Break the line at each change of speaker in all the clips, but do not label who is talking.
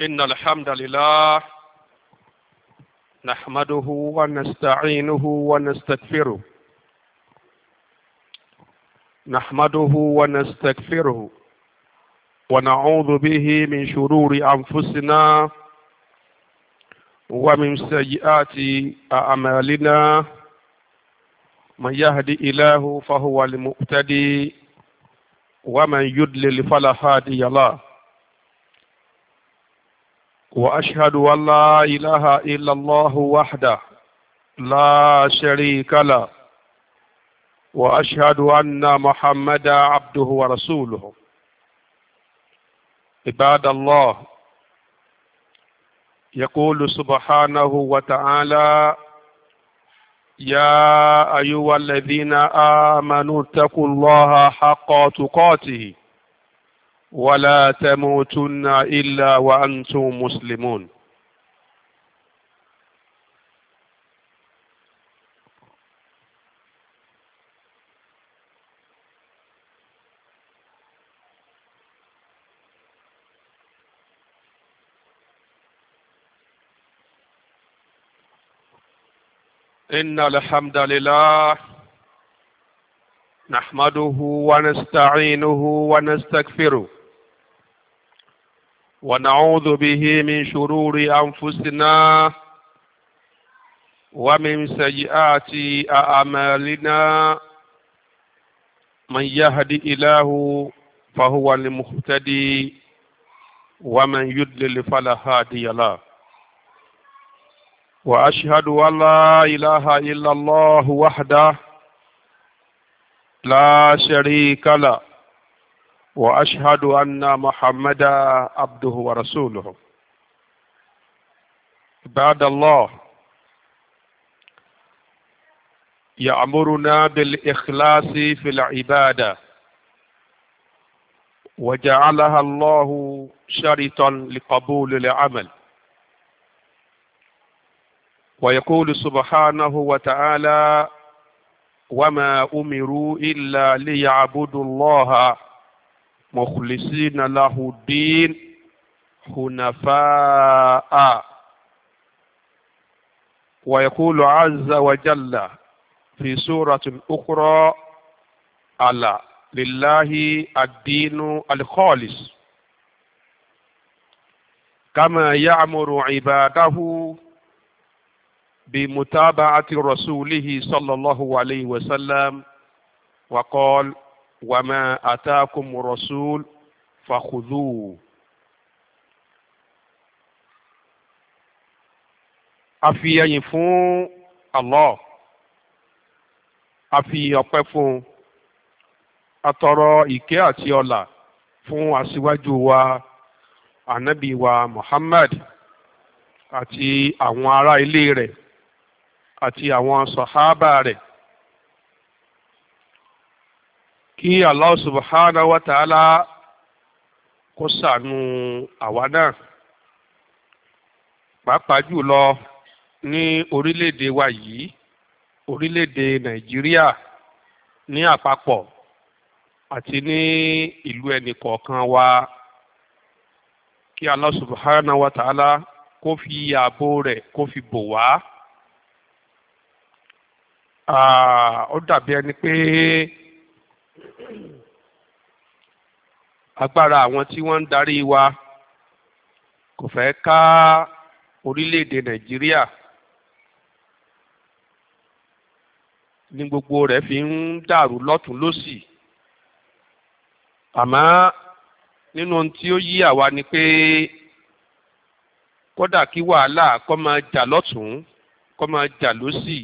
إن الحمد لله نحمده ونستعينه ونستغفره نحمده ونستغفره ونعوذ به من شرور أنفسنا ومن سيئات أعمالنا من يهدي إله فهو المؤتدي ومن يدلل فلا هادي له وأشهد أن لا إله إلا الله وحده لا شريك له وأشهد أن محمدا عبده ورسوله عباد الله يقول سبحانه وتعالى يا أيها الذين آمنوا اتقوا الله حق تقاته ولا تموتن إلا وأنتم مسلمون إن الحمد لله نحمده ونستعينه ونستغفره ونعوذ به من شرور أنفسنا ومن سيئات أعمالنا من يهدي إله فهو المهتدي ومن يدلل فلا هادي له وأشهد أن لا إله إلا الله وحده لا شريك له واشهد ان محمدا عبده ورسوله عباد الله يامرنا بالاخلاص في العباده وجعلها الله شرطا لقبول العمل ويقول سبحانه وتعالى وما امروا الا ليعبدوا الله مخلصين له الدين حنفاء ويقول عز وجل في سورة أخرى على لله الدين الخالص كما يأمر عباده بمتابعة رسوله صلى الله عليه وسلم وقال wàmà àtàkùn rọ̀ṣúl fàkùdù. a fi ẹyìn fún Allah a fi ọpẹ́ fún un a tọrọ ìkẹ́ àti ọlà fún aṣíwájú wa ànábì wa Muhammad àti àwọn ará ilé rẹ̀ àti àwọn sàhábà rẹ̀ kí Allah subhanahu wa ta'ala kó ṣàánú àwa náà pàápàá jùlọ ní orílẹ̀-èdè wa yìí orílẹ̀-èdè Nàìjíríà ní àpapọ̀ àti ní ìlú ẹnìkọ̀ọ̀kan wa kí Allah subhanahu wa ta'ala kó fi ààbò rẹ̀ kó fi bò wá ó dàbí ẹni pé agbára àwọn tí wọ́n ń darí wa kò fẹ́ ká orílẹ̀-èdè nàìjíríà ní gbogbo rẹ̀ fi ń dàrú lọ́tún lọ́sì àmọ́ nínú ohun tí ó yí àwa ni pé kódà kí wàhálà kó máa jà lọ́tún kó máa jà lọ́sì.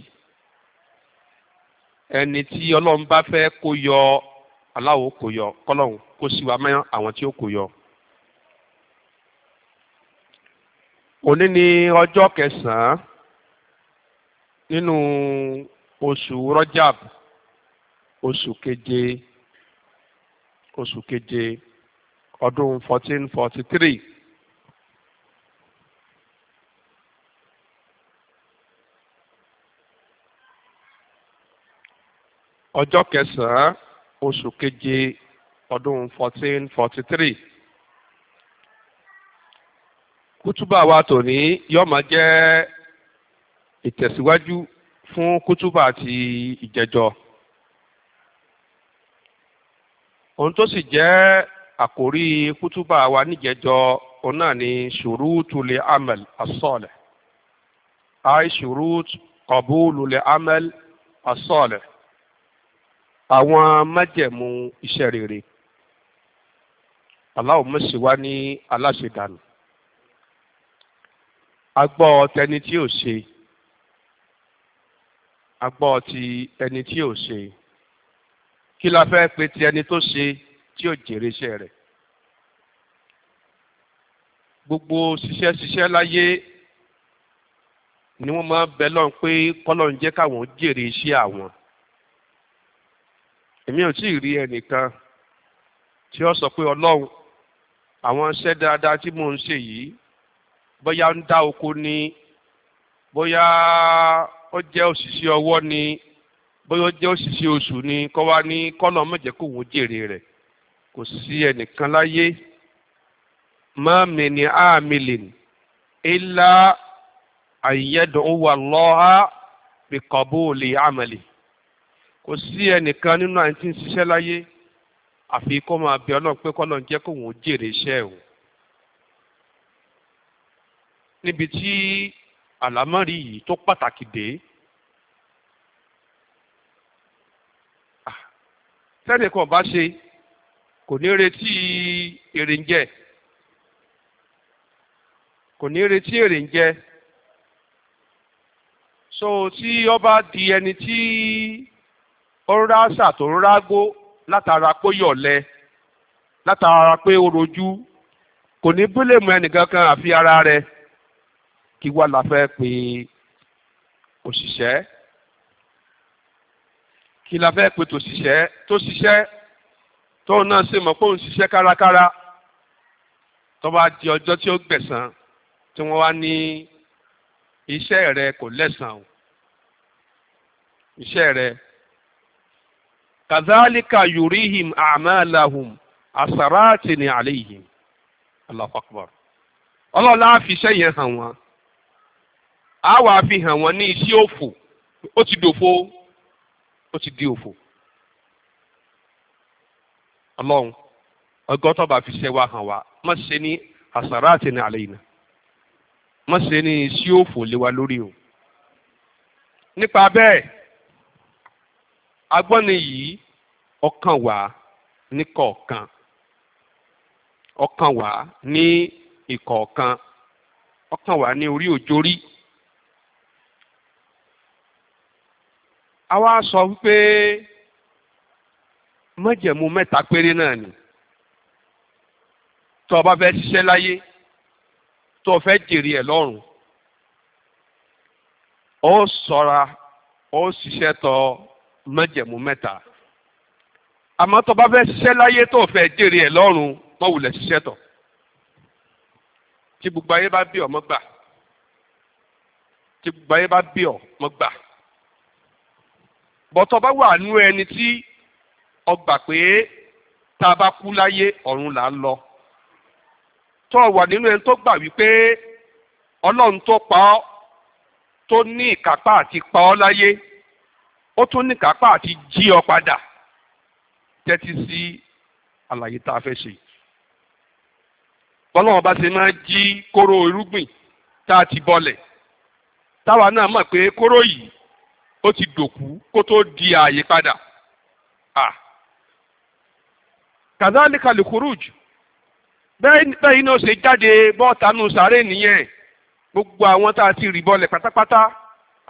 ẹni tí ọlọ́run bá fẹ́ kó yọ aláwo kó yọ kọ́lọ́run kó sì wá mọ́ àwọn tí ó kò yọ. òní ni ọjọ́ kẹsàn-án nínú oṣù Rajab oṣù keje oṣù keje ọdún fourteen forty three. ọjọ́ kẹsàn-án oṣù keje ọdún fourteen forty three kútúbà wa tòní yóò máa jẹ́ ìtẹ̀síwájú fún kútúbà ti ìjẹjọ ohun tó sì jẹ́ àkórí kútúbà wa níjẹjọ òun náà ni ṣùrùtù lè amẹl asọ́ọ̀lẹ̀ àìṣùrùtù kọ̀bùlù lè amẹl asọ́ọ̀lẹ̀ àwọn májẹ̀mú iṣẹ́ rere aláwọ̀ mọ̀sí wá ní aláṣẹdànù agbọ́ tẹni tí ò ṣe agbọ́ ti ẹni tí ò ṣe kí la fẹ́ pe ti ẹni tó ṣe tí ò jèrè iṣẹ́ rẹ̀ gbogbo ṣiṣẹ́ ṣiṣẹ́ láyé ni wọ́n máa ń bẹ lọ́n pé kọ́lọ́n jẹ́ káwọn jèrè iṣẹ́ àwọn èmi ò tí ì rí ẹnìkan tí ó sọ pé ọlọ́run àwọn iṣẹ́ dáadáa tí mò ń ṣe yìí bóyá ń dá oko ni bóyá ó jẹ́ òṣìṣẹ́ ọwọ́ ni bóyá ó jẹ́ òṣìṣẹ́ oṣù ni kọ́ wá ní kọ́nà mọ̀jẹ́ kó wọ́n jèrè rẹ̀ kò sí ẹnìkan láyé mọ́mí ni àmìlìn ilá àyẹ̀dùn wà lọ́ha bí kọ́bùlì àmàlì kò sí ẹnìkan nínú àyìn tí ń ṣiṣẹ́ láyé àfi kó máa bẹ ọlọ́run pé kọ́lọ́run jẹ́ kóun ó jèrè iṣẹ́ o níbi tí àlámọ́rí yìí tó pàtàkì dé tẹ́nìkan bá ṣe kò ní retí èrè kò ní retí èrè so tí ó di ẹni tí ó ń ráṣà tó ń rágó látara pé yọ̀lẹ látara pé ó rojú kò ní búlẹ̀mù ẹnìkankan àfi ara rẹ kí wá la fẹ́ pe òṣìṣẹ́ kí la fẹ́ pe tòṣìṣẹ́ tó ṣiṣẹ́ tóun náà ṣe mọ̀ pé òun ṣiṣẹ́ kárakára tó bá di ọjọ́ tí ó gbẹ̀san tí wọ́n wá ní iṣẹ́ rẹ kò lẹ́san o iṣẹ́ rẹ Kazalika yurihim àmàlàhùm àsàràtì ní àléhìm Allahu Akbar ọlọ́lá fi iṣẹ́ yẹn hàn wọ́n á wà. fi hàn wọ́n ní iṣẹ́ òfò ó ti dòfo ó ti di òfò ọlọ́run ọgọ́ tó bá fi iṣẹ́ wa hàn wá má ṣe ní àsàràtì ní àléhìm má ṣe ní iṣẹ́ òfò wa lórí o nípa bẹ́ẹ̀. agbọ́ni yìí ọkàn wá ní kọ̀ọ̀kan ọkàn wá ní ìkọ̀ọ̀kan ọkàn wá ní orí òjòrí. a wá sọ wípé májẹ̀mú mẹ́ta péré náà ni tó o bá fẹ́ ṣiṣẹ́ láyé tó o fẹ́ jèrè ẹ̀ lọ́rùn ó ṣọ́ra ó ṣiṣẹ́ tọ májẹ̀mú mẹ́ta àmọ́ tó bá fẹ́ ṣiṣẹ́ láyé tó fẹ́ jèrè ẹ̀ lọ́rùn mọ́ wulẹ̀ ṣiṣẹ́ tọ̀ tí gbogbo ayé bá bí ọ mọ́ gbà tí gbogbo ayé bá bí ọ mọ́ gbà bọ́tọ̀ bá wà nú ẹni tí ọgbà pé tá a bá kú láyé ọ̀run là ń lọ tó wà nínú ẹni tó gbà wípé ọlọ́run tó pa ọ́ tó ní ìkápá àti pa ọ́ láyé ó tún ní kápá àti jí ọ padà tẹ́tí sí àlàyé tá a fẹ́ ṣe bọ́lọ́wọ́n bá ṣe máa jí kóró irúgbìn tá a ti bọ́lẹ̀ táwa náà mọ̀ pé kóró yìí ó ti dòkú kó tó di ààyè padà kàdálíkà lè kúrújù bẹ́ẹ̀ iná ṣe jáde bọ́ọ̀tánú sáré nìyẹn gbogbo àwọn tá a ti rì bọ́lẹ̀ pátápátá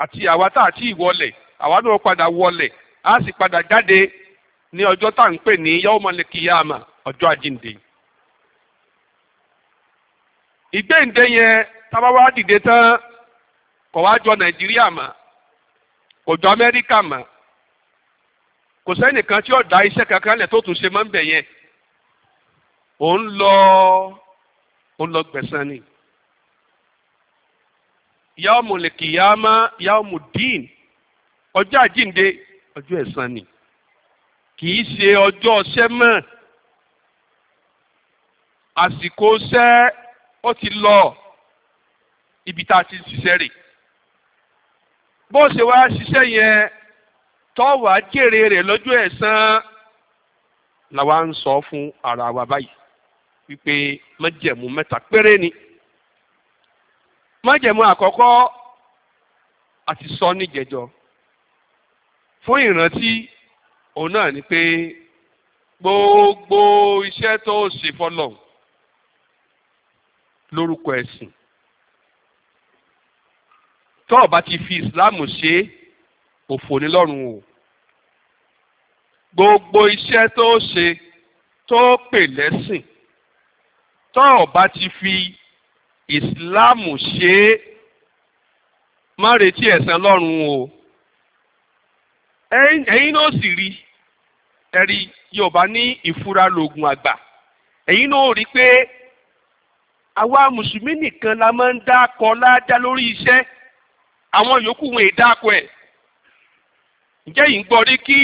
àti àwa tá a ti wọlẹ̀ àwa náà padà a sì padà jáde ní ọjọ́ tá à ń pè ní yawmal kiyama ọjọ́ àjíǹde. ìgbéǹde yẹn tábà wá dìde tán kò wá jọ nàìjíríà mà kò jọ amẹ́ríkà mà kò sẹ́nìkan tí ó iṣẹ́ kankan lẹ̀ tó tún ṣe máa ń bẹ̀ yẹn òun lọ òun lọ gbẹ̀san ni din. ọjọ́ àjínde ọjọ́ ẹ̀sán ni kì í ṣe ọjọ́ ọṣẹ́ mọ́ àsìkò ṣẹ́ ó ti lọ ibi tá a ti ṣiṣẹ́ rè bó ṣe wá ṣiṣẹ́ yẹn tọ́wàá jèrè rẹ̀ lọ́jọ́ ẹ̀sán làwa ń sọ fún ara wa báyìí wípé májẹ̀mú mẹ́ta péré ni májẹ̀mú àkọ́kọ́ àti sọ níjẹjọ́ fún ìrántí òun náà ni pé gbogbo iṣẹ́ tó ṣe fọlọ́n lórúkọ ẹ̀sìn tó o bá ti fi ìsìláàmù ṣe òfò ní lọ́rùn o gbogbo iṣẹ́ tó ṣe tó pè lẹ́sìn tó o ti fi ìsìláàmù ṣe má retí ẹ̀san lọ́rùn o. ẹ̀yin náà sì rí ẹ̀rí yorùbá ní ìfura lògùn àgbà ẹ̀yin náà rí pé àwa mùsùlùmí nìkan la máa ń dákọ ládá lórí iṣẹ́ àwọn yòókù wọn èè dákọ ẹ̀ ǹjẹ́ yìí ń gbọ́ rí kí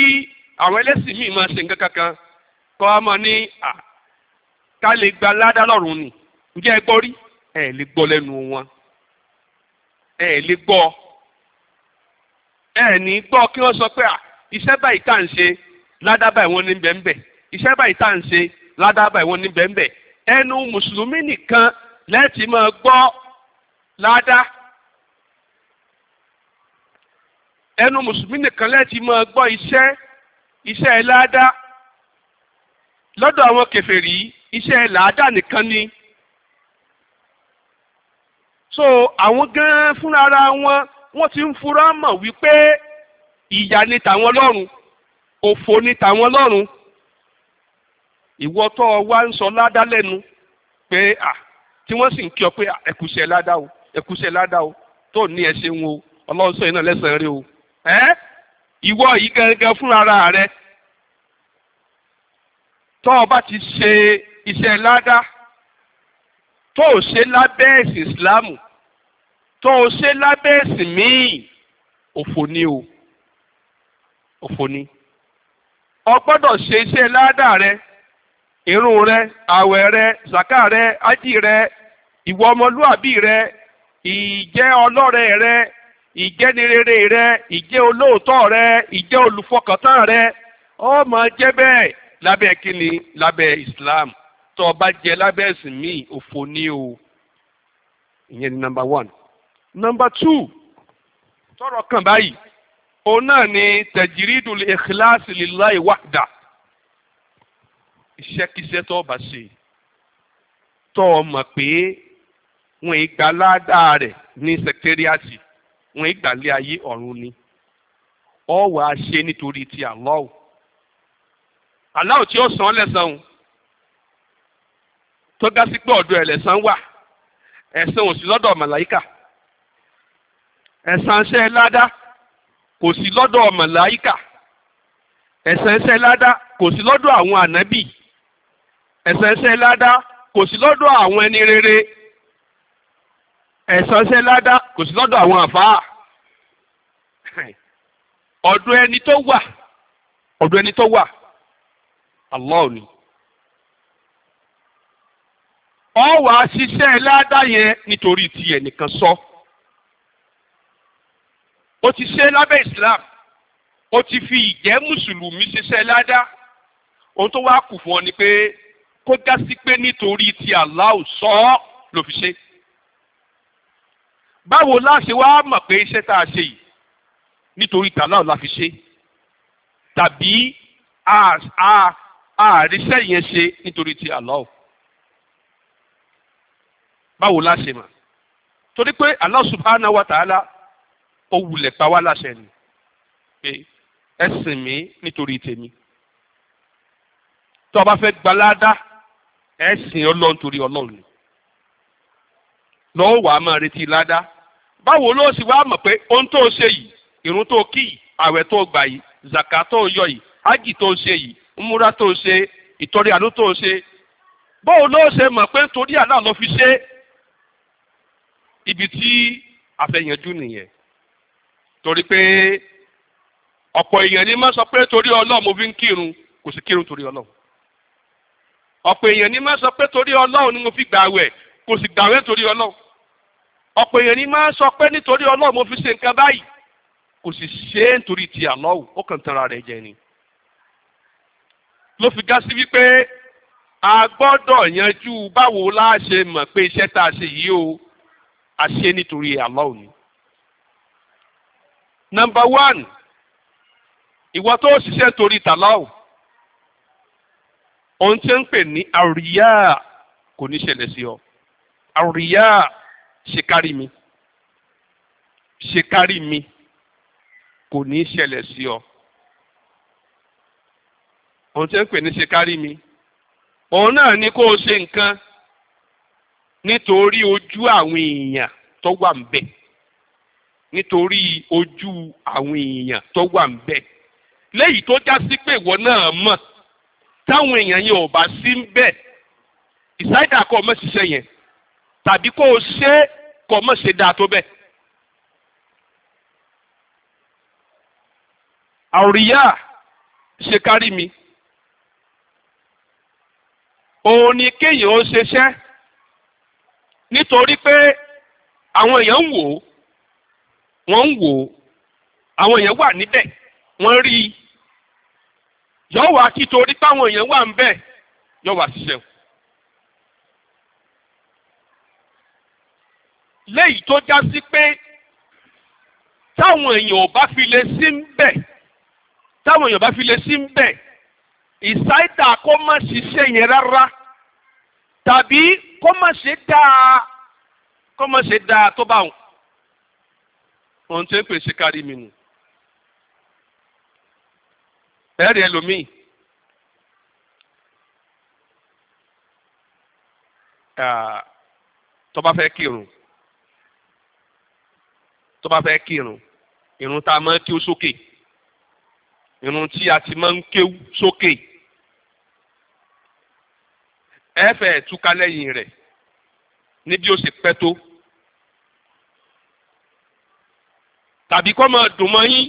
àwọn ẹlẹ́sìn míì máa ṣe nǹkan kankan kọ́ a máa ní à ká lè gba ládá lọ́rùn ni ǹjẹ́ ẹ gbọ́ rí ẹ lè gbọ́ lẹ́nu wọn ẹ lè gbọ́ ọ. ẹ ní gbọ́ kí wọ́n sọ pé à iṣẹ́ báyìí tá à ń ṣe ládàbà ìwọ́n ní bẹ́ẹ̀nbẹ́ iṣẹ́ báyìí tá à ń ṣe ládàbà ìwọ́n ní bẹ́ẹ̀nbẹ́ ẹnu mùsùlùmí nìkan lẹ́ẹ̀tì máa gbọ́ ládá ẹnu mùsùlùmí nìkan lẹ́ẹ̀tì máa gbọ́ iṣẹ́ iṣẹ́ ládá lọ́dọ̀ àwọn kèfèrí iṣẹ́ làádá nìkan ni so àwọn gan fúnra wọn wọ́n ti ń fura mọ̀ wípé ìyà ni tàwọn lọ́run òfò ni tàwọn lọ́run ìwọ tó o wá ń sọ ládá lẹ́nu pé à tí wọ́n sì ń kí ọ pé ẹ̀kúṣẹ́ ládá o ẹ̀kúṣẹ́ ládá o tó ní ẹ ṣeun o ọlọ́run sọ iná lẹ́sẹ̀ án rí o ẹ́ ìwọ yìí fún ara rẹ tọ́ ọ bá ti ṣe iṣẹ́ ládàá tó o ṣe lábẹ́ ẹ̀sìn ìsìláàmù tọ o ṣe lábẹ́ ẹ̀sìn míì òfò ni o òfò ni o gbọ́dọ̀ ṣe iṣẹ́ ládàá rẹ irun rẹ àwẹ̀ rẹ zaka rẹ ájì rẹ ìwọ ọmọlúàbí rẹ ìjẹ́ ọlọ́rẹ̀ rẹ ìjẹ́nirere rẹ ìjẹ́ olóòótọ́ rẹ ìjẹ́ olùfọkàntán rẹ ó jẹ́ bẹ́ẹ̀ lábẹ́ lábẹ́ Islam bá jẹ lábẹ́ ẹ̀sìn míì òfò ni o ìyẹn ni nọmba two tọrọ kan báyìí òun náà ni tajridul ikhlasi lillahi wahda iṣẹ́kíṣẹ́ tó bá ṣe tó o mọ̀ pé wọ́n ìgbà ládàá rẹ̀ ní sẹkítẹ́rìàtì wọ́n ìgbà lé ayé ọ̀run ni ọ wà á ṣe nítorí ti Allah Allah tí ó san lẹ́sàn tó gá pé ọ̀dọ̀ ẹ̀ lẹ́sàn wà ẹ̀sìn òsì lọ́dọ̀ màláyíkà ẹ̀san iṣẹ́ ládá kò sí lọ́dọ̀ màláíkà ẹ̀san iṣẹ́ ládá kò sí lọ́dọ̀ àwọn ànábì ẹ̀san iṣẹ́ ládá kò sí lọ́dọ̀ àwọn ẹni rere ẹ̀san iṣẹ́ ládá kò sí lọ́dọ̀ àwọn àfáà ọ̀dọ̀ ẹni tó wà ọ̀dọ̀ ẹni tó wà Allah ni ọ wàá ṣiṣẹ́ ládá yẹn nítorí ti ẹnìkan sọ. So ó ti ṣe lábẹ́ Islam ó ti fi ìjẹ́ mùsùlùmí ṣiṣẹ́ ládàá ohun tó wá kù fún ọ ni pé kó dá sí pé nítorí ti Allah sọ ọ́ ló fi ṣe. báwo la ṣe wá mọ̀ pé iṣẹ́ tá a ṣe yìí nítorí ti Allah la fi ṣe tàbí àríṣẹ́ yẹn ṣe nítorí ti Allah. báwo la mọ̀ torí pé Allah subhanahu wa ta'ala ó wulẹ̀ pa wá láṣẹ ni pé ẹ sìn mí nítorí tèmi tó o bá fẹ́ gbaládá ẹ sìn ọlọ́run torí ọlọ́run ni lọ́wọ́ wàá máa retí ládá báwo ló sì wá mọ̀ pé ohun tó ṣe yìí ìrun tó kí yìí àwẹ̀ tó gbà yìí zàkà tó yọ yìí ágì tó ṣe yìí múra tó ṣe ìtọ́rẹ àánú tó ṣe báwo ló ṣe mọ̀ pé torí àlá ló fi ṣe ibi tí àfẹ̀yànjú nìyẹn torí pé ọ̀pọ̀ èèyàn ni máa sọ pé torí Ọlọ́run mo fi ń kírun kò sí kírun torí Ọlọ́run ọ̀pọ̀ èèyàn ni máa sọ pé torí Ọlọ́run ni mo fi gbàwẹ̀ kò sì gbàwẹ̀ torí Ọlọ́run ọ̀pọ̀ èèyàn ni máa sọ pé nítorí Ọlọ́run mo fi ṣe nǹkan báyìí kò sì ṣe é nítorí ti àlọ́wù ó kàn tanra rẹ̀ jẹ ni ló fi gá sí wípé a gbọ́dọ̀ yanjú báwo la ṣe mọ̀ pé iṣẹ́ tá a ṣe yìí o a ṣe nítorí àlọ́wù ni Number one ìwọ tó ṣiṣẹ́ torí tàláwù ohun tí ń pè ní àríyá kò ní ṣẹlẹ̀ sí ọ àríyá ṣe kárí mi ṣe kárí mi kò ní ṣẹlẹ̀ sí ọ ohun tí ń pè ní ṣe kárí mi òun náà ni kó o ṣe nǹkan nítorí ojú àwọn èèyàn tó wà ń bẹ̀ nítorí ojú àwọn èèyàn tó wà ń bẹ̀ léyìí tó já sí pé ìwọ náà mọ̀ táwọn èèyàn yẹn ò bá sí ń bẹ̀ ìsáìdà kọ́ ọmọ ṣiṣẹ́ yẹn tàbí kó o ṣe kọ́ ọmọ ṣe dáa tó bẹ́ẹ̀. àríyá ṣe kárí mi òun ni kéèyàn ó ṣeṣẹ́ nítorí pé àwọn èèyàn ń wò ó wọ́n ń wò ó àwọn èèyàn wà níbẹ̀ wọ́n rí i yọ̀ọ́ wá kí torí páwọn èèyàn wà ń bẹ̀ yọ̀ọ́ wá ṣiṣẹ́ o. léyìí tó já sí pé táwọn èèyàn ò bá fi lè sí ń bẹ̀ táwọn èèyàn bá fi lè sí ń bẹ̀ ìsáìdà kó má ṣiṣẹ́ yẹn rárá tàbí kó má ṣe dáa kó má ṣe dáa tó bá wọn ohun tó ń pèsè kárí mi nù ẹ̀rí ẹlòmíì tó bá fẹ́ kírun tó bá fẹ́ kírun irun tá a máa ń kéw sókè irun tí a ti máa ń kéw sókè ẹ fẹ́ túká lẹ́yìn rẹ̀ ní ó ṣe pẹ́ tó. tàbí kọ́ máa dùn mọ́ yín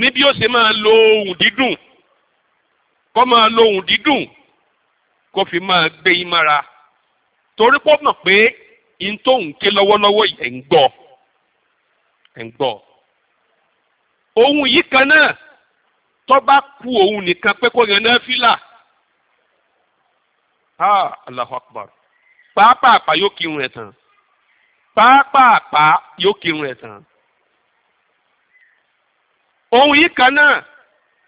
ní bí ó ṣe máa lo ohùn dídùn kọ́ máa lo ohùn dídùn kó fi máa gbé yín mára torí pọ́ mọ̀ pé ihun tó ń ké lọ́wọ́lọ́wọ́ yìí ẹ̀ ń gbọ́ ẹ̀ ń gbọ́ ohun yìí kan náà tó ku òun nìkan pé kó yan náà fílà ha Allahu Akbar pàápàá yóò kírun ẹ̀ tán pàápàá yóò kírun ẹ̀ tán ohun yìí kan náà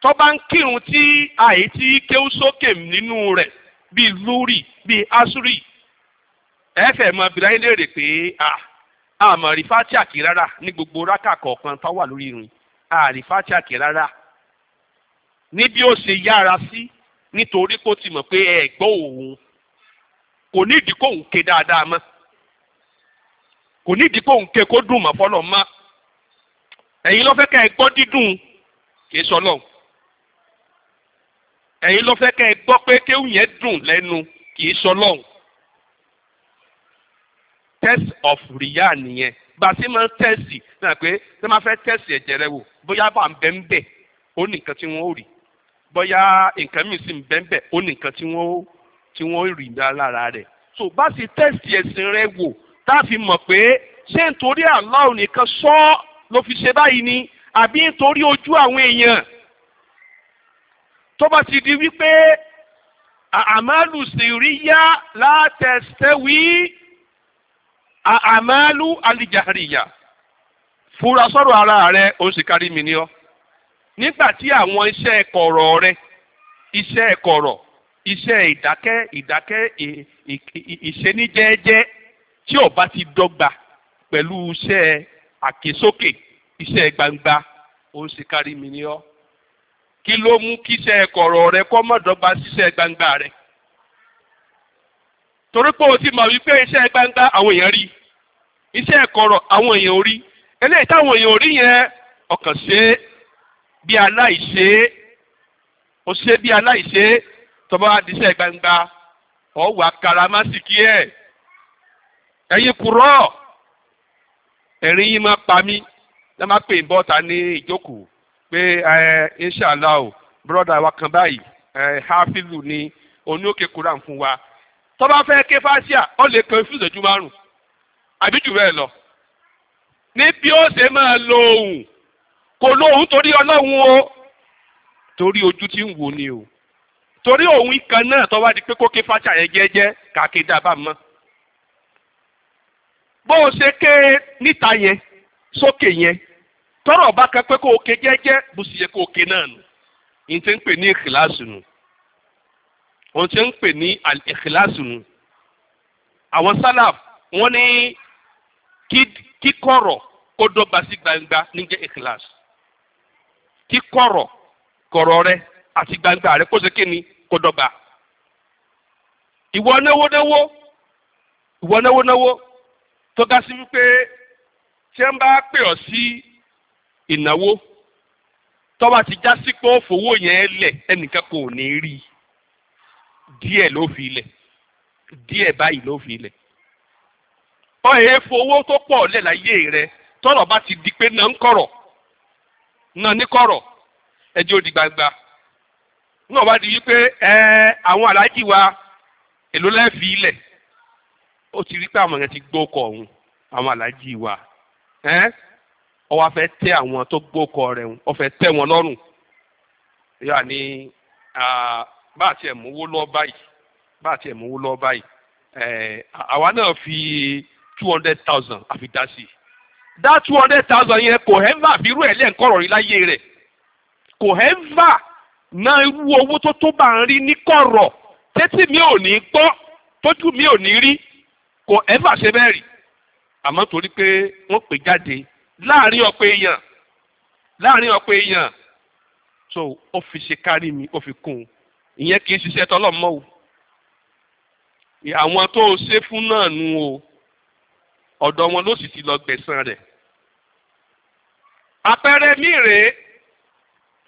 tó bá ń kírun tí àìtí kéwú sókè nínú rẹ̀ bíi lúrì bíi asúrì ẹ fẹ́ mọ abìláyé léèrè pé àmọ̀rí fatia kì rárá ní gbogbo rákà kọ̀ọ̀kan tó wà lórí irin àrí fatia kì rárá ní bí ó ṣe yára sí nítorí kó ti mọ̀ pé ẹ òun kò nídìí kóun ké dáadáa mọ́ kò nídìí kóun ké kó dùn mọ́ fọlọ́ mọ́ ẹ̀yin ló fẹ́ kẹ́ ẹ gbọ́ dídùn kì í sọ lọ ẹ̀yin ló fẹ́ kẹ́ ẹ gbọ́ pé kéwù yẹn dùn lẹ́nu kì í sọ test of ria nìyẹn bá a ti máa ń tẹ́sì náà pé tí wọ́n fẹ́ tẹ́sì ẹ̀jẹ̀ rẹ wò bóyá bá ń bẹ́ ń bẹ̀ ó ní nǹkan tí wọ́n ó rí bóyá nǹkan mìíràn sì ń bẹ́ ń bẹ̀ ó ní nǹkan tí wọ́n ó tí wọ́n ó rí lára rẹ̀ tó bá ti tẹ́sì ẹ̀sìn rẹ wò tá a fi mọ̀ pé ṣé nítorí Allah nìkan sọ ọ́ ló fi ṣe báyìí ni àbí nítorí ojú àwọn èèyàn tó bá ti di wípé àmàlù sìríyá látẹ̀sẹ̀wí àmàlù alìjàríyà fura sọ̀rọ̀ ara rẹ ó sì kárí mi ní ọ nígbà tí àwọn iṣẹ́ kọ̀rọ̀ rẹ iṣẹ́ kọ̀rọ̀ iṣẹ́ ìdákẹ́ ìdákẹ́ ìṣeníjẹ́ẹ́jẹ́ tí ó ti dọ́gba pẹ̀lú iṣẹ́ àkésókè iṣẹ́ gbangba ó ń ṣe kárí mi ní ọ́ kí ló mú kí iṣẹ́ kọ̀rọ̀ rẹ kọ́ mọ̀ dọ́gba síṣẹ́ gbangba rẹ torí pé o ti mọ̀ wípé iṣẹ́ gbangba àwọn èèyàn rí iṣẹ́ kọ̀rọ̀ àwọn èèyàn ò rí eléyìí táwọn èèyàn ò rí yẹn ọkàn ṣe é bí aláìṣe é o ṣe bí aláìṣe é tọ́ba adìṣẹ́ gbangba ọ̀ wà karamasìkí ẹ̀ ẹ̀yin kúrọ́ọ̀ ẹ̀rín yín máa pa mí lẹ́ máa pè bọ́ta ní ìjókòó pé inshàlá o wa kan báyìí hafilu ni oníòkè kuran fún wa tó bá fẹ́ ké fásíà ó lè kan fún ìṣẹ́jú márùn-ún àbí jù bẹ́ẹ̀ lọ ní bí ó ṣe máa lo ohùn kò lo ohùn torí ọlọ́run o torí ojú tí ń wò ni o torí òun kan náà tó wá di pé kó ké fásíà yẹn jẹ́jẹ́ kàkédà bá mọ́ bó o ṣe ké níta yẹn sókè yẹn tọrọ bá kan pé kó o ké jẹ́jẹ́ bó sì yẹ kó o ké náà nù ohun tí ń pè ní ìkìláàsì nù ohun tí ń pè ní ìkìláàsì nù àwọn sálàf wọ́n ní kíkọ̀rọ̀ kó dọ́gba sí gbangba níjẹ́ ìkìláàsì kíkọ̀rọ̀ kọ̀rọ̀ rẹ àti gbangba rẹ kó ṣe kí ni kó dọ́gba ìwọ náwó náwó ìwọ náwó náwó tó ga sí wípé tí wọ́n bá pè ọ́ sí ìnáwó tọ́wọ́ ti já sí pé ó fowó yẹn lẹ̀ ẹnìkan kò ní rí i díẹ̀ ló fi lẹ̀ díẹ̀ báyìí ló fi lẹ̀ ọ èé fowó tó pọ̀ lẹ̀ láyé rẹ tọ́rọ̀ bá ti di pé náà ń kọ̀rọ̀ náà ní kọ̀rọ̀ ẹjẹ́ ó gbangba náà wá di wípé ẹ àwọn aláàjì wa èló lẹ́ẹ̀ lẹ̀ ó ti rí pé àwọn yẹn ti gbókọ̀ ọ̀hún àwọn aláàjì wa ẹ́ ó wá fẹ́ tẹ́ àwọn tó gbókọ̀ rẹ̀ ọ̀hún ó fẹ́ tẹ́ wọn lọ́rùn yóò ní bá a tiẹ̀ mówó lọ báyìí bá a tiẹ̀ mówó lọ báyìí àwa náà fi two hundred thousand àfi dá sí i dá two hundred thousand yẹn kò hẹ́fà fi irú ẹ̀ lẹ́ǹkọ́rọ̀ rí láyé rẹ̀ kò hẹ́fà náà irú owó tó tó bá ń rí ní kọ̀rọ̀ tẹ́tí mi ò ní gbọ́ tójú mi ò ní rí kò ẹ́fà ṣe bẹ́ẹ̀ rí àmọ́ torí pé wọ́n pè jáde
láàrin ọ̀pọ̀ èèyàn
láàrin ọ̀pọ̀ èèyàn so ó fi ṣe kárí mi ó fi kún un ìyẹn kì í ṣiṣẹ́ tọlọ́mọ́ o àwọn tó o ṣe fún náà nu o ọ̀dọ̀ wọn ló sì ti lọ gbẹ̀san rẹ̀ àpẹẹrẹ mi rèé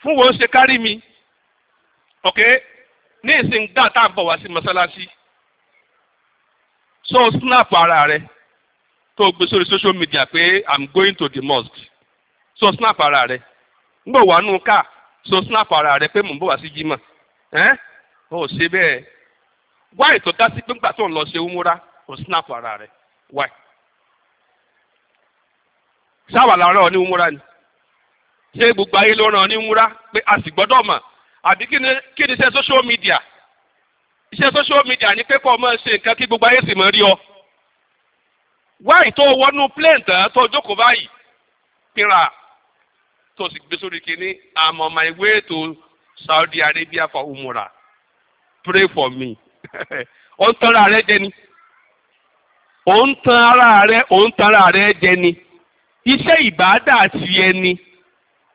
fún wọn ṣe kárí mi ok ní ìsìn gbà tá à ń bọ̀ wá sí mọ́sálásí. Si so snap ara rẹ tó o gbé sórí social media pé i'm going to the mosque so snap ara rẹ ń bọ̀ wá nù ká so snap ara rẹ pé mò ń bọ̀ wá sí jimá ẹ́ o ṣe bẹ́ẹ̀ wáì tó dá sí pé ńgbà tó ń lọ ṣe umura o snap ara rẹ Why? sáwà làárọ̀ ní umura ni ṣé gbogbo ayé ló ràn ní umura pé a sì gbọ́dọ̀ mọ̀ àbí kí ni kí social media iṣẹ́ social media ni pé kọ́ ọ máa ṣe nǹkan kí gbogbo ayé sì máa rí ọ. wáì tó wọnú plane tán tó jókòó báyìí pínra tó sì gbé sórí kínní I'm on my way to Saudi Arabia for umura. pray for me. ó ń tan ara rẹ jẹ ni ó ń tan ara rẹ ó ń tan ara rẹ jẹ ni iṣẹ́ ìbáàdà àti ẹni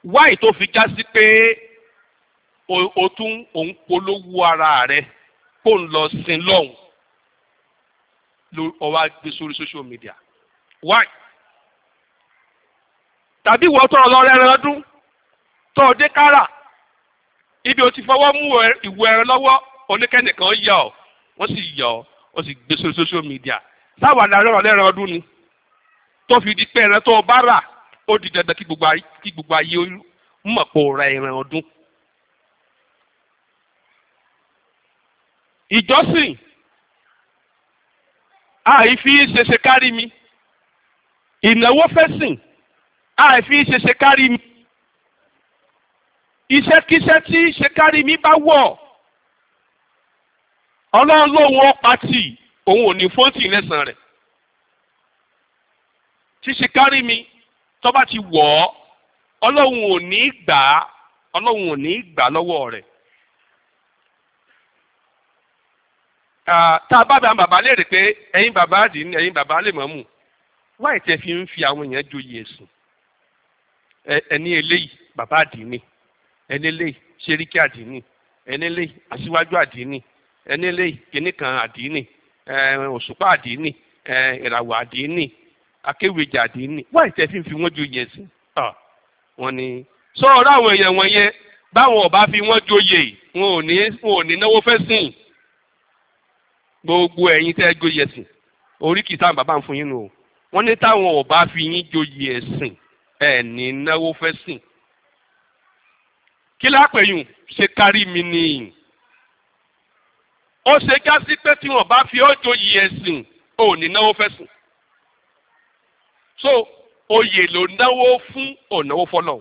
wáì tó fi já sí pé o tún òun polówó ara rẹ kó ń lọ sin lọ́hùn ló ọwọ́ gbé sórí social media why tàbí ìwọ tọrọ lọ rẹran ọdún tọ dé kára ibi o ti fọwọ́ mú ìwọ ẹran lọ́wọ́ oníkẹ́nìkan yà ọ́ wọ́n sì yà ọ́ wọ́n sì gbé sórí social media sáwà ní arẹ́rọ̀ lẹ́ran ọdún ni tó fi di pé ẹran tó bá rà ó di dandan kí gbogbo ayé mọ̀ pé ó ra ẹran ọdún ìjọsìn àìfi ṣẹṣẹ kárí mi ìnáwó fẹ́sìn àìfi ṣẹṣẹ kárí mi iṣẹ́kíṣẹ́ tí ṣe kárí mi bá wọ̀ ọlọ́run lóun ọ̀pá tì òun ò ní fóńtì lẹ́sàn rẹ̀ ṣíṣe kárí mi tó bá ti wọ̀ ọ́ ọlọ́run ò ní gbà á ọlọ́run ò ní gbà lọ́wọ́ rẹ̀. tá a bá bá bàbá léèrè pé ẹ̀yin bàbá àdì ni ẹ̀yin bàbá lè mọ̀ mù wáyé tẹ́ fi ń fi àwọn èèyàn joyè ẹ̀sùn ẹni eléyìí bàbá àdì ni ẹni eléyìí ṣeríkì àdì ni ẹni eléyìí aṣíwájú àdì ni ẹni eléyìí kìnnìkan àdì ni òṣùpá àdì ni ìràwọ̀ àdì ni akéwèjà àdì ni wáyé tẹ́ fi ń fi wọ́n joyè ẹ̀sùn wọ́n ní sọ ọ̀rọ̀ àwọn èèyàn wọ̀nyẹn báwọn ọba gbogbo ẹ̀yin tẹ́ joyè ẹ̀sìn oríkì táwọn bàbá ń fún yín nù o wọ́n ní táwọn ò bá fi yín joyè ẹ̀sìn ẹ̀ ní náwó fẹ́ sìn kí lápẹ̀yùn ṣe kárí mi nìyí ó ṣe já pé tí wọ́n bá fi ọ́ joyè ẹ̀sìn ò ní náwó fẹ́ sìn so oyè ló náwó fún ọ̀nàwó fọlọ́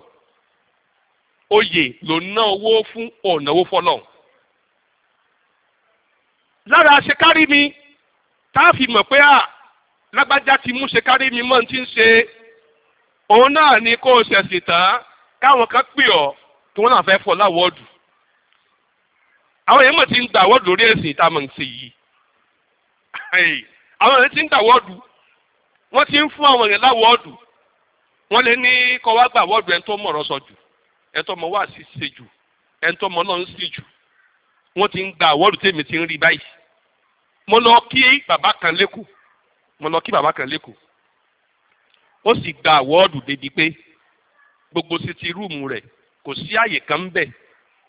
oyè ló náwó fún ọ̀nàwó fọlọ́ lára ṣekárí mi tá a fi mọ̀ pé à lágbájá ti mú ṣekárí mi mọ́ ti ń ṣe òun náà ni kó o ṣẹ̀sìn tán káwọn kan pè ọ́ tí wọ́n náà fẹ́ fọ́ láwọ́ọ̀dù àwọn èèyàn mọ̀ ti ń gba àwọ́ọ̀dù lórí ẹ̀sìn ìta mọ̀ ń ṣe yìí àwọn èèyàn ti ń gba àwọ́ọ̀dù wọ́n ti ń fún àwọn èèyàn láwọ́ọ̀dù wọ́n lè ní kọ́ wá gba àwọ́ọ̀dù ẹni tó mọ̀rọ̀ sọ jù ẹni tó mọ̀ wá sí ṣe jù ẹni tó mọ̀ náà ń ṣe jù wọ́n ti ń gba àwọ́dù tèmi ti ń rí báyìí mo lọ kí bàbá kan lẹ́kọ̀ọ́ mo lọ kí bàbá kan lẹ́kọ̀ọ́ ó sì gba àwọ́dù débi pé gbogbo sí ti rúùmù rẹ̀ kò sí àyè kan ń bẹ̀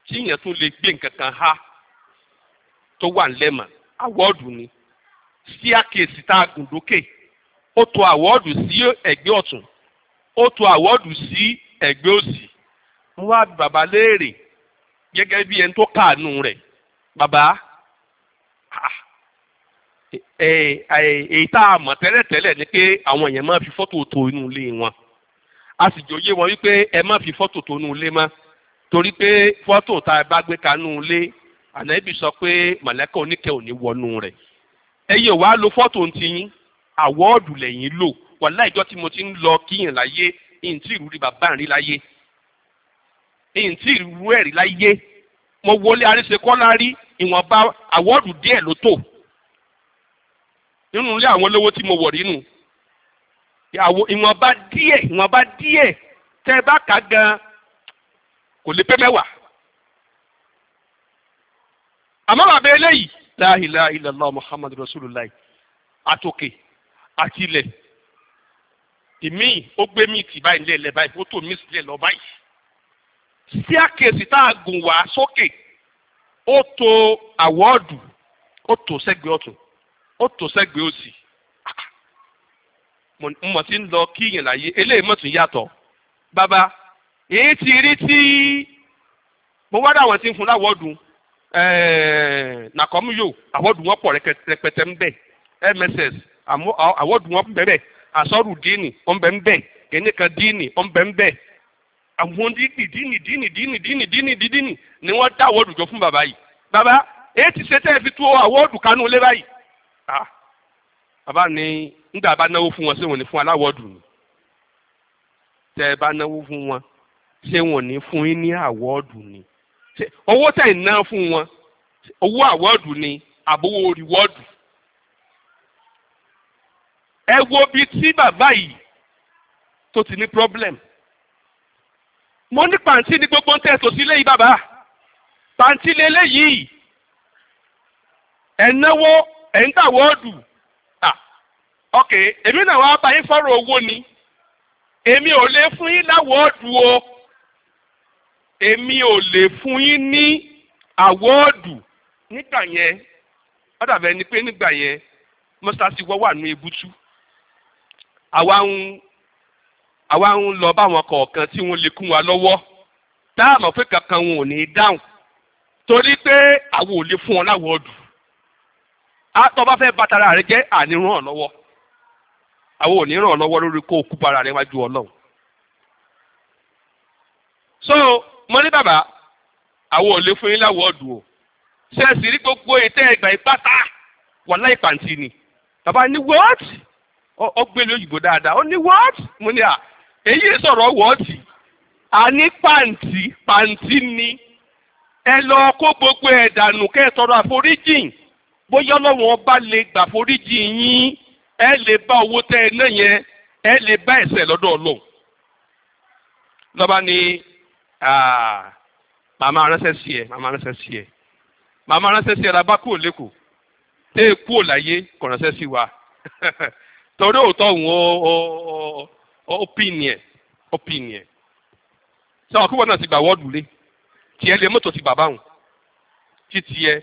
tí èèyàn tún lè gbé nǹkan kan há tó wà ńlẹ́mọ̀ àwọ́dù ni sí àkíyèsí tá a gùn dókè ó to àwọ́dù sí ẹ̀gbẹ́ ọ̀tún ó to àwọ́dù sí ẹ̀gbẹ́ òsì wọ́n wá bàbá léèrè gẹ́gẹ́ bí ẹni tó káàánú rẹ̀ bàbá ah. èyí tá a mọ̀ tẹ́lẹ̀tẹ́lẹ̀ ni pé àwọn èèyàn máa fi fọ́tò tó inú ilé wọn a sì jòyè wọn wípé ẹ má fi fọ́tò tó inú ilé mọ́ torí pé fọ́tò tá a bá gbé kanú ilé ànábì sọ pé mọ̀lẹ́kà oníkẹ́ ò ní wọnú rẹ̀ ẹ̀yin ò wá lo fọ́tò ti yín àwọ́ọ̀dù lẹ́yìn lò wàhálà ìjọ tí mo ti ń lọ kíyàn láyé ìyìn tí ìrú rí bàbá rí láyé ìyìn tí ìrú ẹ̀rí láyé mo wọlé arísekọ́lá rí ìwọ̀nba àwọ́ọ̀dù díẹ̀ ló tò nínú ilé àwọn olówó tí mo wọ̀ nínú ìwọ̀nba díẹ̀ ìwọ̀nba díẹ̀ tẹ́ ẹ bá kà gan kò lè pé mẹ́wàá àmọ́ bàbá eléyìí la ilaha illallah muhammadu rasulullah àtòkè àti ilẹ̀ èmi ó gbé mi tì báyìí lẹ́lẹ̀ báyìí ó tò mí sílẹ̀ lọ báyìí síàkèsì tá a gùn wá sókè. So ó to àwọ́ọ̀dù ó tò sẹ́gbẹ̀ẹ́ ọ̀tún ó tò sẹ́gbẹ̀ẹ́ òsì mo mọ̀ tí ń lọ kíyàn láyé eléyìí yàtọ̀ bàbá èyí ti rí tí mo wá dáwọn tí ń fún láwọ́ọ̀dù eh, nàkọ́mú yòó àwọ́ọ̀dù wọn pọ̀ rẹpẹtẹ ń mss àwọ́ọ̀dù wọn àsọ̀rù díìnì ń ń díìnì àwọn dídìdínìdínìdínìdínìdínì ni wọ́n dá àwọ́dù jọ fún bàbá yìí bàbá èyí ti ṣe tẹ́ ẹ fi tú àwọ́dù kánú lé báyìí. bàbá ni nígbà bá náwó fún wọn ṣé wọn ní fún aláwọ́dù ni tẹ́ ẹ bá náwó fún wọn ṣé wọn ní fún yín ní àwọ́dù ni owó tẹ̀ ń ná fún wọn owó àwọ́dù ni àbówó rìwọ́dù. ẹ wo bíi tí bàbá yìí tó ti ní problem mo ní pàǹtí ní gbogbo ń tẹ̀sọ̀ sí léyìí bàbá pàǹtí lélẹ́yìí ẹ̀ náwó ẹ̀ ń tàwọ́ ọ̀dù ok èmi náà wàá bá yín fọ́rọ̀ owó ni èmi ò lè fún yín láwọ́ọ̀dù o èmi ò lè fún yín ní àwọ́ọ̀dù nígbà yẹn ó ni pé nígbà yẹn mọ́sáàsì wọ́ wà ní ebútú àwa ń àwa ń lọ báwọn kọ̀ọ̀kan tí wọ́n lè kún wa lọ́wọ́ tá a mọ̀ pé kankan wọn ò ní í dáhùn torí pé àwọn ò lè fún ọ láwọ̀ọ́dù àtọ́ bá fẹ́ bàtàrà rẹ jẹ́ àníràn ọ̀ lọ́wọ́ àwọn ò ní ràn ọ́ lọ́wọ́ lórí kó o kú bara rẹ wájú ọlọ́run. so mo ní bàbá àwọn ò lè fún yín láwọ̀ọ́dù o ṣẹ́ẹ̀sì rí gbogbo ètẹ́ ẹgbà ìpátá wà láì pàǹtì ni bàbá ní wọ́ọ̀tì ọgbẹ́lẹ̀ òyìnbó dáadáa ó ní wọ́ọ̀tì mo ní à èyí sọ̀rọ̀ wọ́ọ̀tì a ní pàǹtí pàǹtí ni ẹ lọ kó gbogbo ẹ̀ dànù kẹ́ ẹ tọrọ àforíjìn bóyá ọlọ́run ọba lè gbà foríjìn yín ẹ lè bá owó tẹ ẹ náà yẹn ẹ lè bá ẹ̀ṣẹ̀ lọ́dọ̀ ọlọ́run lọ́ba ni màmá aránṣẹ́ sí ẹ màmá aránṣẹ́ sí ẹ màmá aránṣẹ́ sí ẹ la bá kúrò lẹ́kọ̀ọ́ tẹ́ ẹ kúrò láyé kọ̀ránṣẹ́ sí wa torí òótọ́ òun ó opinion opinion sáwọn púpọ̀ náà ti gbà wọ́ọ̀dù lé tiẹ̀ lè mọ́tò ti bàbá wọn tí tiẹ̀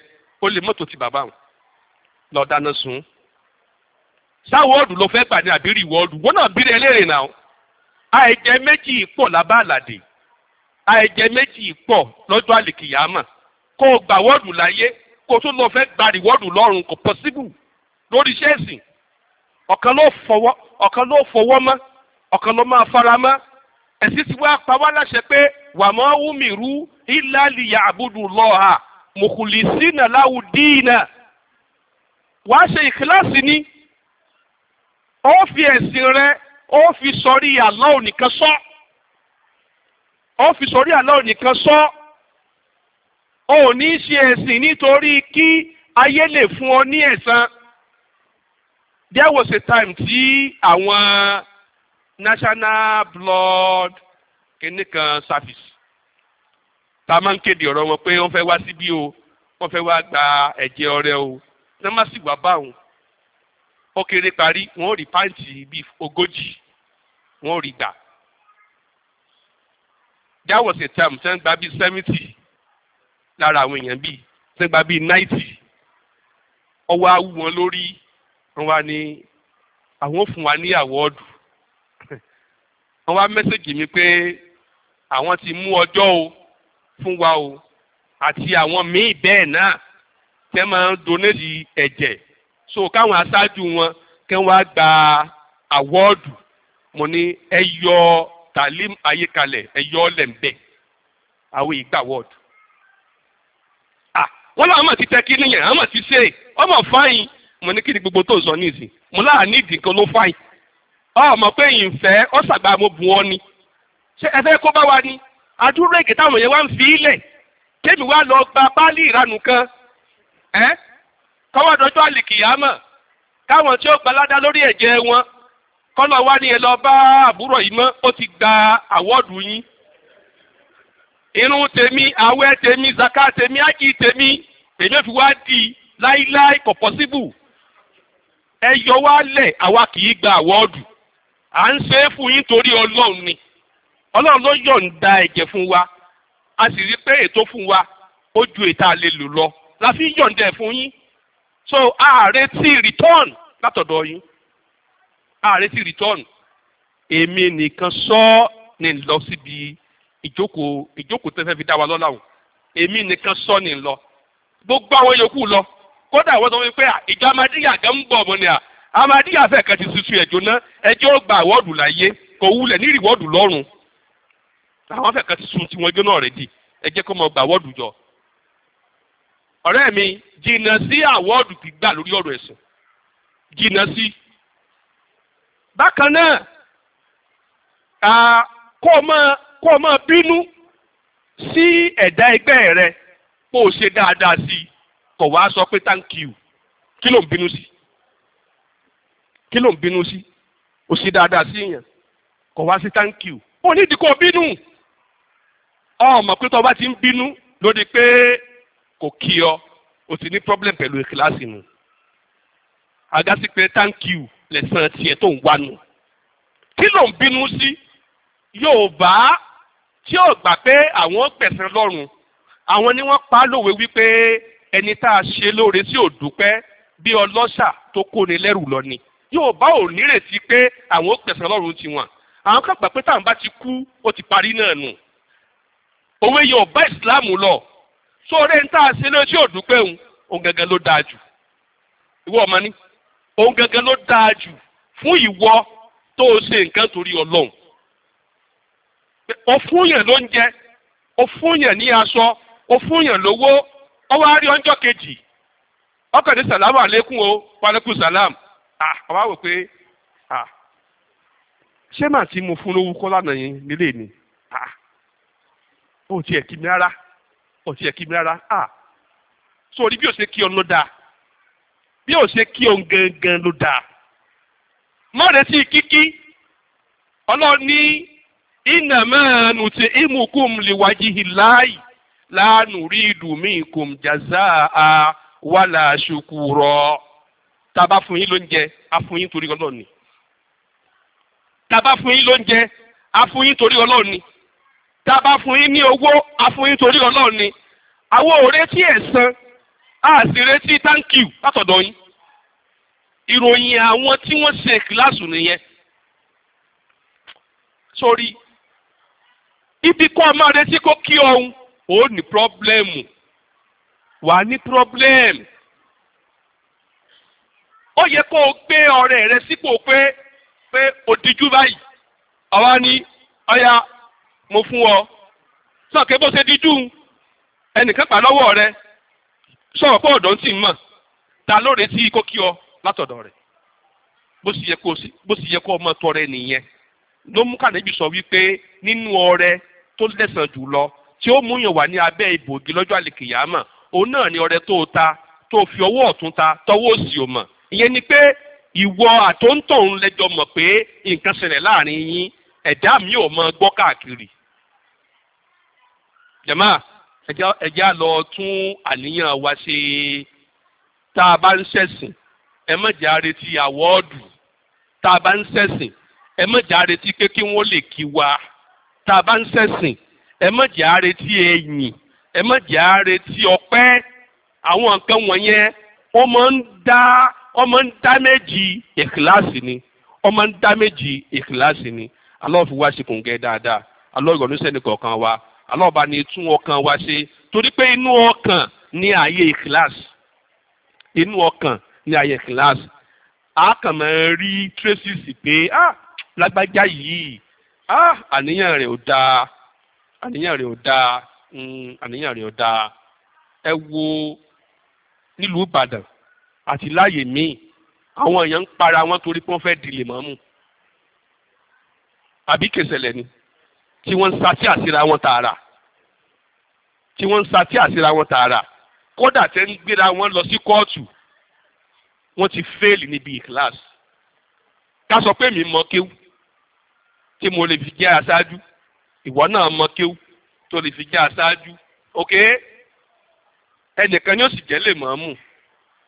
ó lè mọ́tò ti bàbá wọn lọ dáná sun sáwọ́ọ̀dù ló fẹ́ gbà ní àbírí wọ́ọ̀dù wọ́n náà bírí ẹlẹ́rìí náà àìjẹ méjì pọ̀ lábá àlàdé àìjẹ méjì pọ̀ lọ́jọ́ àlìkìyàmà kó o gbà wọ́ọ̀dù láyé kó o tún lọ fẹ́ gba rìwọ́ọ̀dù lọ́rùn kò pọ́síbù lórí iṣẹ́ ẹ̀sìn ọ̀kan ló fọwọ́ mọ́ ọ̀kan ló máa fara mọ́ ẹ̀sìn ti wá pa wá láṣẹ pé wàmọ́ wúmirú ìlàlìyà àbúdù lọ́ha mùkùlìsínà láwùdíìnà wàá ṣe ìkíláàsì ni ó fi ẹ̀sìn rẹ ó fi sọrí Allah nìkan sọ ó fi sọrí Allah nìkan sọ ó ní ṣe ẹ̀sìn nítorí kí ayé lè fún ọ ní ẹ̀san there was a time tí àwọn national blood kìnnì kan service tá a máa ń kéde ọ̀rọ̀ wọn pé wọ́n fẹ́ wá síbí o wọ́n fẹ́ wá gba ẹ̀jẹ̀ ọrẹ o ní wọ́n sì wá bá wọn ó kéré parí wọn rí pàǹtì bíi ogójì wọn rí gbà that was a time tí wọ́n gba bíi seventy lára àwọn èèyàn bíi tí wọ́n gba bíi ninety ọwọ́ awú wọn lórí wọn wá ní àwọn ò fún wa ní àwọ́ọ̀dù wọ́n wá mẹ́sẹ̀gì mi pé àwọn ti mú ọjọ́ o fún wa o àti àwọn míì bẹ́ẹ̀ náà tẹ́ máa ń donate ẹ̀jẹ̀ so káwọn aṣáájú wọn kẹ́ wọ́n á gba àwọ́ọ̀dù mo ní ẹ yọ talim ayékalẹ̀ ẹ yọ ọ́ lẹ́m̀bẹ́ àwọn ìgbà wọ́ọ̀dù wọ́n láwọn máa ti tẹ kí nìyẹn àwọn máa ti ṣe ọmọ fáyín mo ní kí ni gbogbo tó ń sọ nísìn mo láà ní ìdí kan ló fáyín ọmọ pé ìfẹ́ ọ sàgbà mo bù ọ ni ṣé ẹ fẹ́ kó bá wa ni àdúrà èké táwọn yẹn wá ń fi ilẹ̀ kébì wá lọ gba páálí ìranù kan ẹ kọ́wọ́ dọjọ́ àlìkìyàmọ̀ káwọn tí ó gbalada lórí ẹ̀jẹ̀ wọn kọ́lọ̀ wá ní ẹ lọ bá àbúrò yìí mọ́ ó ti gba àwọ́ọ̀dù yín irun tèmi àwẹ̀ tèmi zaka tèmi ájì tèmi èmi ò fi wá di láíláí kò pọ́síbù ẹ yọ wá lẹ̀ àwa kì í gba àwọ́ọ̀dù. à ń ṣe é fún yín torí ọlọ́run ni ọlọ́run ló yọ̀ǹda ẹ̀jẹ̀ fún wa a sì rí pé ètò fún wa ó ju ètò àlè lò lọ la fi yọ̀ǹda ẹ̀ fún yín so a ti return látọ̀dọ̀ yín a ti return èmi nìkan sọ ni lọ síbi ìjókòó ìjókòó tẹ́fẹ́ fi dá wa lọ́lá o èmi nìkan sọ ni lọ gbogbo àwọn yòókù lọ kódà wọ́n sọ wípé ìjọ amadíyà gan ń bọ̀ ọ̀bọ̀n Amadi fẹ́ kati ti susu ẹ̀jọ́ náà ẹjọ́ gba àwọ́dù láyé kò wulẹ̀ ní ìrìwọ́dù lọ́rùn àwọn fẹ́ kan ti sun tiwọn ẹjọ́ náà rẹ̀ di ẹjẹ́ kó mọ gba àwọ́dù jọ. ọ̀rẹ́ mi jìnnà sí àwọ́dù gbígbà lórí ọ̀rọ̀ ẹ̀sìn jìnnà sí. bákan náà kó o máa kó o máa bínú sí ẹ̀dá ẹgbẹ́ rẹ kó o ṣe dáadáa sí i wá sọ pé thank you kí ló ń bínú sí kí ló ń bínú sí o sì dáadáa sí èèyàn kò wá sí thank you ó ní ìdí bínú ọmọ pé tó o bá ti ń bínú lórí pé kò kí ọ o ti ní problem pẹ̀lú kíláàsì nù agasi pé thank you lẹ́sàn tiẹ̀ tó ń wá nù kí ló ń bínú sí yóò bá tí ò gbà pé àwọn gbẹ̀sán lọ́rùn àwọn ni wọ́n pa lówe wípé ẹni tá a ṣe lóore sí òdúpẹ́ bí ọlọ́ṣà tó kóni lẹ́rù lọ ni. Yorùbá ò nírètí pé àwọn ó pẹ̀sán lọ́rùn tiwọn àwọn kan gbà pé táwọn bá ti kú ó ti parí náà nù òwe Yorùbá ìsìláàmù lọ sóore ń tà sí náà tí ò dúpẹ́ òun òun ló dáa jù ìwọ ọmọ ni òun gangan ló dáa jù fún ìwọ tó o ṣe nǹkan torí Ọlọ́run o fún yàn lóúnjẹ o ní aṣọ o lówó ọwọ́ ọjọ́ kejì ọkàn ní sàlámù àlékún Ah, ọba wò pé ah. ṣé màá ti mo fún lówó kọ́ lánàá yẹn nílé ni ó ah. tiẹ̀ kí mi rárá ó tiẹ̀ kí mi rárá sórí bí o ṣe kí ọ ló dáa bí ṣe kí gangan ló dáa má retí kíkí ọlọ́run iná máa nù tí ìmùkùn lìwájú láàyè láàánú rí a tá a bá fún yín lóúnjẹ a fún yín torí ọlọ́run ni tá a bá fún yín lóúnjẹ a fún yín torí ọlọ́run ni tá fún yín ní owó a yín torí ọlọ́run ni àwọn ò retí ẹ̀san a sì retí thank you látọ̀dọ̀ yín ìròyìn àwọn tí wọ́n ṣe kíláàsù nìyẹn sórí ibi kọ́ ọ máa retí kó kí ọ̀hún ó ní pírọ́blẹ́mù wà á ní pírọ́blẹ́mù ó yẹ kó o gbé ọ̀rẹ́ rẹ sípò pé pé òdìjú báyìí àwa ni ọya mo fún ọ sọ̀kẹ́ bó ṣe dídú ẹnìkan pa lọ́wọ́ rẹ sọ̀rọ̀ pé ọ̀dọ́ ń tì mọ̀ ta ló retí kó kí ọ látọ̀dọ̀ rẹ̀ bó sì yẹ kó ọmọ tọrẹ nìyẹn ló mú kànẹ́bí sọ wípé nínú ọrẹ tó lẹ́sàn jù lọ tí ó mú yàn wá ní abẹ́ ìbògi lọ́jọ́ àlèkèyàmọ̀ òun náà ni ọrẹ tó ta tó fi ọwọ́ ọ̀tún ta tọwọ́ òsì ò mọ̀ ìyẹn ni pé ìwọ àtòǹtòun lẹjọ mọ̀ pé nǹkan ṣẹlẹ̀ láàrin yín ẹ̀dá mi ò mọ gbọ́ káàkiri jàmáà ẹjá lọ tún àníyàn wa ṣe tá a bá ń ṣẹ̀sìn ẹ má jẹ́ àrètí àwọ́ọ̀dù tá a bá ń ṣẹ̀sìn ẹ má jẹ́ àrètí pé kí wọ́n lè kí wa tá a bá ń ṣẹ̀sìn ẹ má jẹ́ àrètí ẹ̀yìn ẹ má jẹ́ àrètí ọpẹ́ àwọn nǹkan wọ̀nyẹn wọ́n máa ń dá ọmọ ń dámẹ́jì ìkìláàsì ni ọmọ ń dámẹ́jì ìkìláàsì ni Allah fi wá ṣe kòǹgẹ́ dáadáa Allah ìrọ̀lú sẹ́ni kọ̀ọ̀kan wa Allah bá ní tún ọkàn wa ṣe torí pé inú ọkàn ní ààyè ìkìláàsì inú ọkàn ní ààyè ìkìláàsì a kàn máa rí traces pé ah lágbájá yìí ah àníyàn rẹ̀ ò dáa àníyàn rẹ̀ ò dáa hmm, àníyàn rẹ̀ ò dáa ẹ wo nílùú Ìbàdàn àti láàyè míì àwọn èèyàn ń para wọn torí pé wọ́n fẹ́ dilè mọ́mù àbí kẹsẹ̀lẹ̀ ni tí wọ́n ń satí àsíra wọn tààrà tí wọ́n ń satí àsíra wọn tààrà kódà tẹ́ ń gbéra wọn lọ sí kóòtù wọ́n ti fẹ́ẹ̀lì níbi ìkíláàsì ká sọ pé mi mọ kéwú tí mo lè fi jẹ́ aṣáájú ìwọ náà mọ kéwú tó lè fi jẹ́ aṣáájú ok ẹnìkan yóò sì jẹ́ lè mọ̀ọ́mù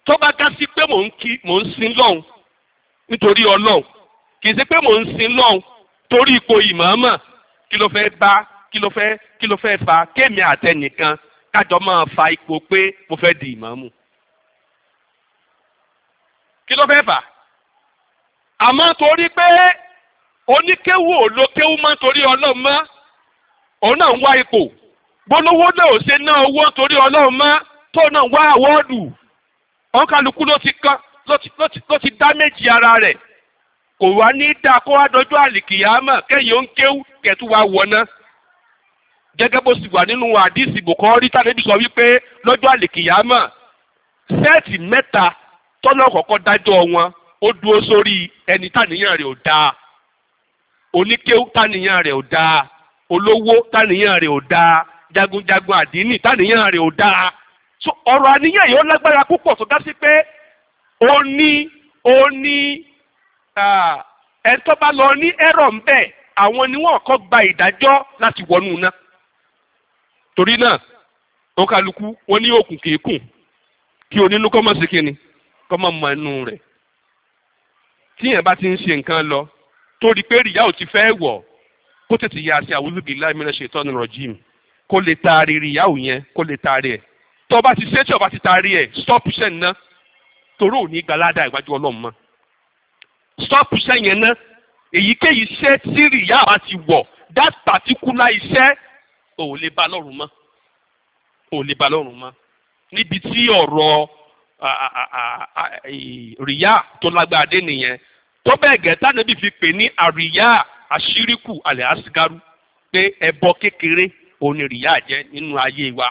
tó bá ká sí pé mò ń kí mò ń sin lọ́hùn nítorí ọlọ́hùn kì í ṣe pé mò ń sin lọ́hùn torí ipò ìmọ̀ọ́mọ̀ kí ló fẹ́ bá kí ló fẹ́ kí ló fẹ́ fa kémi àtẹnìkan kájọ máa fa ipò pé mo fẹ́ di ìmọ̀ọ́mù kí ló fẹ́ fà àmọ́ torí pé oníkéwù olókéwù máa torí ọlọ́run mọ́ òun náà ń wá ipò gbólówó náà ò ṣe ná owó torí ọlọ́run mọ́ tóun náà wá àwọ́ọ̀dù ọ̀kàlùkù ló ti kan ló ti dá méjì ara rẹ̀ kò wá ní dáa kó wá dọjọ́ àlìkìyàmọ̀ kẹ́yìn ó ń kéwú kẹ́tù wá wọ̀nà gẹ́gẹ́ bó sì wà nínú àdìsí bùkọ́rí tàbí sọ wípé lọ́jọ́ àlìkìyàmọ̀ sẹ́ẹ̀tì mẹ́ta tọ́lọ́ kọ̀ọ̀kan dájọ́ wọn ó dúró sórí ẹni tàníyàn rẹ̀ ò dáa oníkéwú tàníyàn rẹ̀ ò dáa olówó tàníyàn rẹ̀ ò dáa jagunjagun àdínì tàníyàn rẹ̀ ò dáa so ọ̀rọ̀ àníyàn yìí ó lágbára púpọ̀ tó dá sí pé ó ní ó ní ẹ̀tọ́ bá lọ ní ẹ̀rọ̀ ń bẹ̀ àwọn ni wọ́n kọ́ gba ìdájọ́ láti wọnú iná torí náà wọn kálukú wọn ní òkùn kéékùn kí onínú kọ́ mọ̀ sí kíni kọ́ mọ̀ mọ inú rẹ̀ tíyẹn bá ti ń ṣe nǹkan lọ torí pé rìyá ò ti fẹ́ wọ̀ kó tètè yá sí àwùjọ bíi láìmílẹ̀ ṣètọ́ nìrọ̀jìm kó lè taari rìyá ò yẹn kó lè taari ẹ̀ tó bá ti ṣe tí ọba ti taari ẹ̀ stop iṣẹ́ ńná torí ò ní gbalada ìwájú ọlọ́run mọ́ stop iṣẹ́ yẹn ná èyíkéyìí iṣẹ́ tí rìyá àwa ti wọ̀ that particular iṣẹ́ ò lè ba lọ́run mọ́ ò lè ba lọ́run mọ́ níbi tí ọ̀rọ̀ rìyá tó lágbára dé nìyẹn tó bẹ́ẹ̀ gẹ́ tánàbí fi pè ní àríyá àṣíríkù àlẹ́ àṣìgárú pé ẹbọ kékeré òun ni rìyá jẹ́ nínú ayé wa.